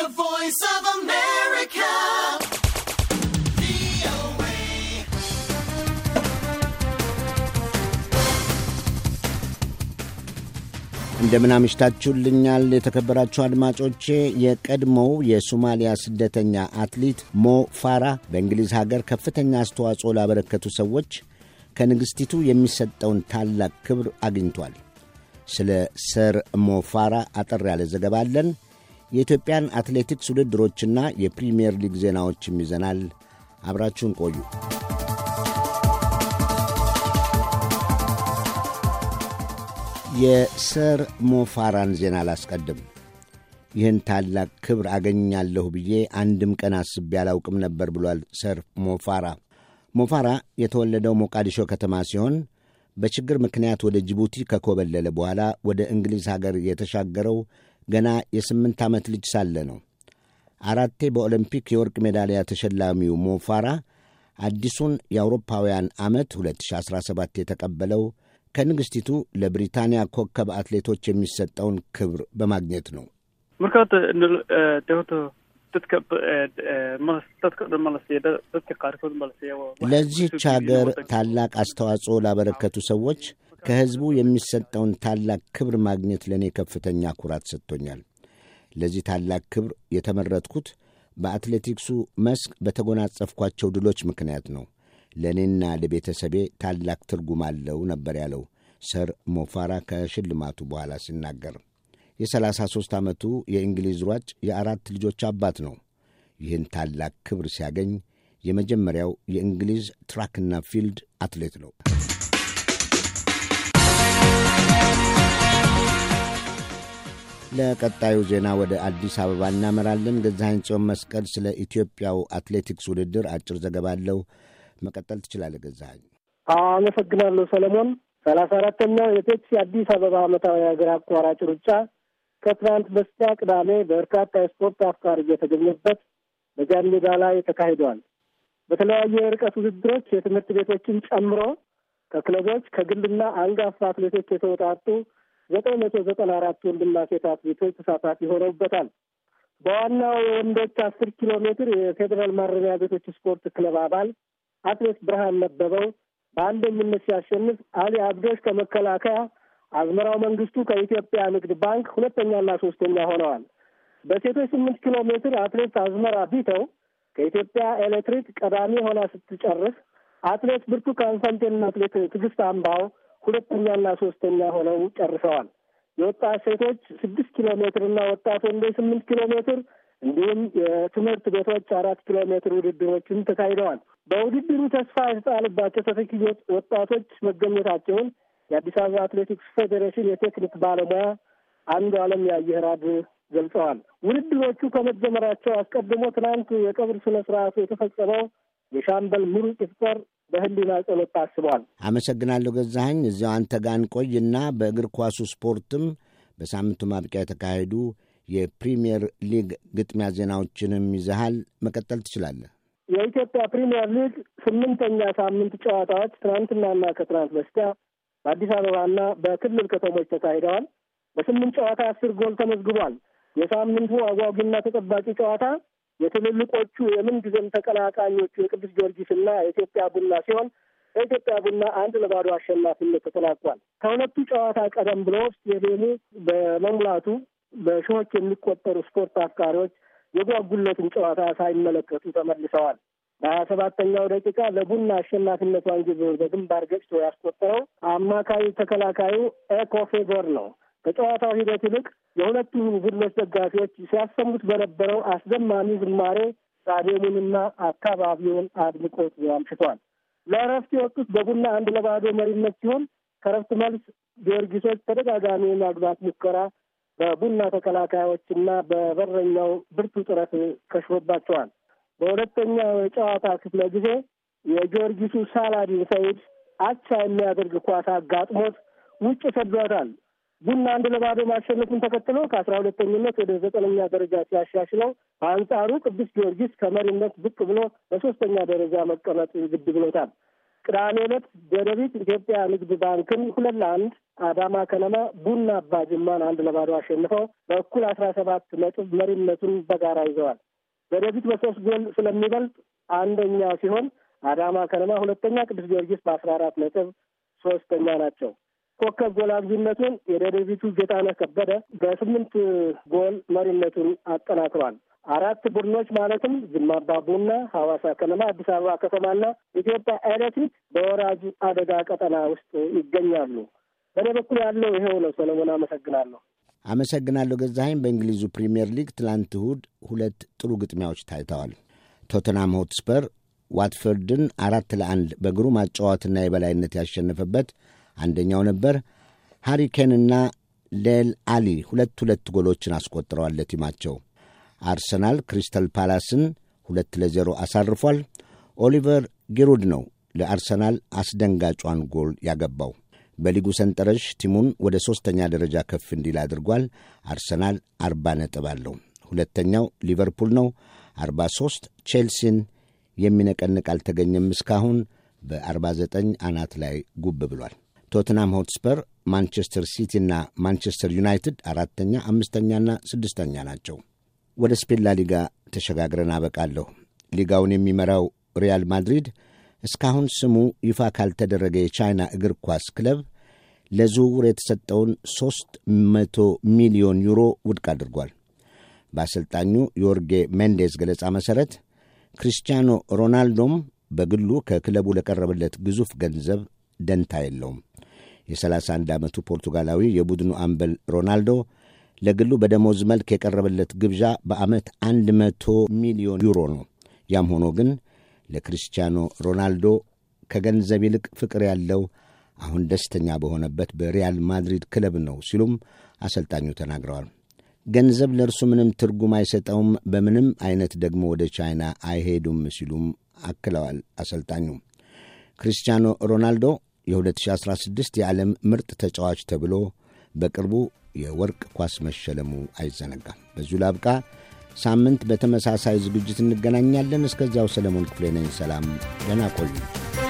The Voice of America. እንደምን አምሽታችሁልኛል የተከበራችሁ አድማጮቼ። የቀድሞው የሶማሊያ ስደተኛ አትሌት ሞ ፋራ በእንግሊዝ ሀገር ከፍተኛ አስተዋጽኦ ላበረከቱ ሰዎች ከንግሥቲቱ የሚሰጠውን ታላቅ ክብር አግኝቷል። ስለ ሰር ሞ ፋራ አጠር ያለ ዘገባ አለን። የኢትዮጵያን አትሌቲክስ ውድድሮችና የፕሪምየር ሊግ ዜናዎችም ይዘናል። አብራችሁን ቆዩ። የሰር ሞፋራን ዜና አላስቀድም። ይህን ታላቅ ክብር አገኛለሁ ብዬ አንድም ቀን አስቤ አላውቅም ነበር ብሏል ሰር ሞፋራ። ሞፋራ የተወለደው ሞቃዲሾ ከተማ ሲሆን በችግር ምክንያት ወደ ጅቡቲ ከኮበለለ በኋላ ወደ እንግሊዝ ሀገር የተሻገረው ገና የስምንት ዓመት ልጅ ሳለ ነው። አራቴ በኦሎምፒክ የወርቅ ሜዳሊያ ተሸላሚው ሞፋራ አዲሱን የአውሮፓውያን ዓመት 2017 የተቀበለው ከንግሥቲቱ ለብሪታንያ ኮከብ አትሌቶች የሚሰጠውን ክብር በማግኘት ነው። ለዚህች አገር ታላቅ አስተዋጽኦ ላበረከቱ ሰዎች ከሕዝቡ የሚሰጠውን ታላቅ ክብር ማግኘት ለእኔ ከፍተኛ ኩራት ሰጥቶኛል። ለዚህ ታላቅ ክብር የተመረጥኩት በአትሌቲክሱ መስክ በተጎናጸፍኳቸው ድሎች ምክንያት ነው። ለእኔና ለቤተሰቤ ታላቅ ትርጉም አለው ነበር ያለው ሰር ሞፋራ ከሽልማቱ በኋላ ሲናገር። የ33 ዓመቱ የእንግሊዝ ሯጭ የአራት ልጆች አባት ነው። ይህን ታላቅ ክብር ሲያገኝ የመጀመሪያው የእንግሊዝ ትራክና ፊልድ አትሌት ነው። ለቀጣዩ ዜና ወደ አዲስ አበባ እናመራለን። ገዛኸኝ ጽዮን መስቀል ስለ ኢትዮጵያው አትሌቲክስ ውድድር አጭር ዘገባ አለው። መቀጠል ትችላለህ ገዛኸኝ። አመሰግናለሁ ሰለሞን። ሰላሳ አራተኛው የቴክስ የአዲስ አበባ ዓመታዊ ሀገር አቋራጭ ሩጫ ከትናንት በስቲያ ቅዳሜ በርካታ የስፖርት አፍቃሪ እየተገኘበት በጃንሜዳ ላይ ተካሂዷል። በተለያዩ የርቀት ውድድሮች የትምህርት ቤቶችን ጨምሮ ከክለቦች ከግልና አንጋፋ አትሌቶች የተወጣጡ ዘጠኝ መቶ ዘጠና አራት ወንድና ሴት አትሌቶች ተሳታፊ ሆነውበታል። በዋናው የወንዶች አስር ኪሎ ሜትር የፌዴራል ማረሚያ ቤቶች ስፖርት ክለብ አባል አትሌት ብርሃን ነበበው በአንደኝነት ሲያሸንፍ፣ አሊ አብዶሽ ከመከላከያ፣ አዝመራው መንግስቱ ከኢትዮጵያ ንግድ ባንክ ሁለተኛና ሶስተኛ ሆነዋል። በሴቶች ስምንት ኪሎ ሜትር አትሌት አዝመራ ቢተው ከኢትዮጵያ ኤሌክትሪክ ቀዳሚ ሆና ስትጨርስ፣ አትሌት ብርቱካን ፈንቴና አትሌት ትዕግስት አምባው ሁለተኛና ሶስተኛ ሆነው ጨርሰዋል። የወጣት ሴቶች ስድስት ኪሎ ሜትር እና ወጣት ወንዶች ስምንት ኪሎ ሜትር እንዲሁም የትምህርት ቤቶች አራት ኪሎ ሜትር ውድድሮችን ተካሂደዋል። በውድድሩ ተስፋ የተጣለባቸው ተተኪ ወጣቶች መገኘታቸውን የአዲስ አበባ አትሌቲክስ ፌዴሬሽን የቴክኒክ ባለሙያ አንዱ አለም የአየህራድ ገልጸዋል። ውድድሮቹ ከመጀመራቸው አስቀድሞ ትናንት የቀብር ስነ ስርዓቱ የተፈጸመው የሻምበል ምሩጽ ይፍጠር በህሊና ጸሎት ታስቧል። አመሰግናለሁ ገዛኸኝ። እዚያው አንተ ጋር እንቆይና በእግር ኳሱ ስፖርትም በሳምንቱ ማብቂያ የተካሄዱ የፕሪምየር ሊግ ግጥሚያ ዜናዎችንም ይዘሃል፣ መቀጠል ትችላለህ። የኢትዮጵያ ፕሪምየር ሊግ ስምንተኛ ሳምንት ጨዋታዎች ትናንትናና ከትናንት በስቲያ በአዲስ አበባና በክልል ከተሞች ተካሂደዋል። በስምንት ጨዋታ አስር ጎል ተመዝግቧል። የሳምንቱ አጓጊና ተጠባቂ ጨዋታ የትልልቆቹ የምን ጊዜም ተቀናቃኞቹ የቅዱስ ጊዮርጊስና የኢትዮጵያ ቡና ሲሆን በኢትዮጵያ ቡና አንድ ለባዶ አሸናፊነት ተጠናቋል። ከሁለቱ ጨዋታ ቀደም ብሎ ስቴዲየሙ በመሙላቱ በሺዎች የሚቆጠሩ ስፖርት አፍቃሪዎች የጓጉለትን ጨዋታ ሳይመለከቱ ተመልሰዋል። በሀያ ሰባተኛው ደቂቃ ለቡና አሸናፊነቷን ግብ በግንባር ገጭቶ ያስቆጠረው አማካይ ተከላካዩ ኤኮፌጎር ነው። ከጨዋታው ሂደት ይልቅ የሁለቱ ቡድኖች ደጋፊዎች ሲያሰሙት በነበረው አስደማሚ ዝማሬ ስታዲየሙንና አካባቢውን አድምቆት አምሽቷል። ለእረፍት የወጡት በቡና አንድ ለባዶ መሪነት ሲሆን ከእረፍት መልስ ጊዮርጊሶች ተደጋጋሚ ማግባት ሙከራ በቡና ተከላካዮችና በበረኛው ብርቱ ጥረት ከሽፎባቸዋል። በሁለተኛው የጨዋታ ክፍለ ጊዜ የጊዮርጊሱ ሳላዲን ሰይድ አቻ የሚያደርግ ኳስ አጋጥሞት ውጭ ሰዷታል። ቡና አንድ ለባዶ ማሸነፉን ተከትሎ ከአስራ ሁለተኝነት ወደ ዘጠነኛ ደረጃ ሲያሻሽለው፣ በአንጻሩ ቅዱስ ጊዮርጊስ ከመሪነት ዝቅ ብሎ በሶስተኛ ደረጃ መቀመጥ ግድ ብሎታል። ቅዳሜ ዕለት ደደቢት ኢትዮጵያ ንግድ ባንክን ሁለት ለአንድ፣ አዳማ ከነማ ቡና አባ ጅማን አንድ ለባዶ አሸንፈው በእኩል አስራ ሰባት ነጥብ መሪነቱን በጋራ ይዘዋል። ደደቢት በሶስት ጎል ስለሚበልጥ አንደኛ ሲሆን፣ አዳማ ከነማ ሁለተኛ፣ ቅዱስ ጊዮርጊስ በአስራ አራት ነጥብ ሶስተኛ ናቸው። ኮከብ ጎል አግቢነቱን የደደቢቱ ጌታነህ ከበደ በስምንት ጎል መሪነቱን አጠናክሯል። አራት ቡድኖች ማለትም ዝማባ ቡና፣ ሐዋሳ ከነማ፣ አዲስ አበባ ከተማና ኢትዮጵያ ኤሌክትሪክ በወራጅ አደጋ ቀጠና ውስጥ ይገኛሉ። በእኔ በኩል ያለው ይሄው ነው። ሰለሞን አመሰግናለሁ። አመሰግናለሁ ገዛኸኝ። በእንግሊዙ ፕሪምየር ሊግ ትላንት እሁድ ሁለት ጥሩ ግጥሚያዎች ታይተዋል። ቶተናም ሆትስፐር ዋትፈርድን አራት ለአንድ በግሩም አጫዋትና የበላይነት ያሸነፈበት አንደኛው ነበር። ሃሪኬንና ሌል አሊ ሁለት ሁለት ጎሎችን አስቆጥረዋል ለቲማቸው። አርሰናል ክሪስታል ፓላስን ሁለት ለዜሮ አሳርፏል። ኦሊቨር ጊሩድ ነው ለአርሰናል አስደንጋጯን ጎል ያገባው። በሊጉ ሰንጠረዥ ቲሙን ወደ ሦስተኛ ደረጃ ከፍ እንዲል አድርጓል። አርሰናል አርባ ነጥብ አለው። ሁለተኛው ሊቨርፑል ነው አርባ ሦስት ቼልሲን የሚነቀንቅ አልተገኘም እስካሁን በአርባ ዘጠኝ አናት ላይ ጉብ ብሏል። ቶትናም ሆትስፐር፣ ማንቸስተር ሲቲ እና ማንቸስተር ዩናይትድ አራተኛ፣ አምስተኛና ስድስተኛ ናቸው። ወደ ስፔን ላሊጋ ተሸጋግረን አበቃለሁ። ሊጋውን የሚመራው ሪያል ማድሪድ እስካሁን ስሙ ይፋ ካልተደረገ የቻይና እግር ኳስ ክለብ ለዝውውር የተሰጠውን ሦስት ሚሊዮን ዩሮ ውድቅ አድርጓል። በአሰልጣኙ ዮርጌ ሜንዴዝ ገለጻ መሠረት ክሪስቲያኖ ሮናልዶም በግሉ ከክለቡ ለቀረበለት ግዙፍ ገንዘብ ደንታ የለውም። የ31 ዓመቱ ፖርቱጋላዊ የቡድኑ አምበል ሮናልዶ ለግሉ በደሞዝ መልክ የቀረበለት ግብዣ በዓመት 100 ሚሊዮን ዩሮ ነው። ያም ሆኖ ግን ለክርስቲያኖ ሮናልዶ ከገንዘብ ይልቅ ፍቅር ያለው አሁን ደስተኛ በሆነበት በሪያል ማድሪድ ክለብ ነው ሲሉም አሰልጣኙ ተናግረዋል። ገንዘብ ለእርሱ ምንም ትርጉም አይሰጠውም፣ በምንም አይነት ደግሞ ወደ ቻይና አይሄዱም ሲሉም አክለዋል አሰልጣኙ። ክርስቲያኖ ሮናልዶ የ2016 የዓለም ምርጥ ተጫዋች ተብሎ በቅርቡ የወርቅ ኳስ መሸለሙ አይዘነጋም። በዚሁ ላብቃ። ሳምንት በተመሳሳይ ዝግጅት እንገናኛለን። እስከዚያው ሰለሞን ክፍሌ ነኝ። ሰላም፣ ደህና ቆዩ።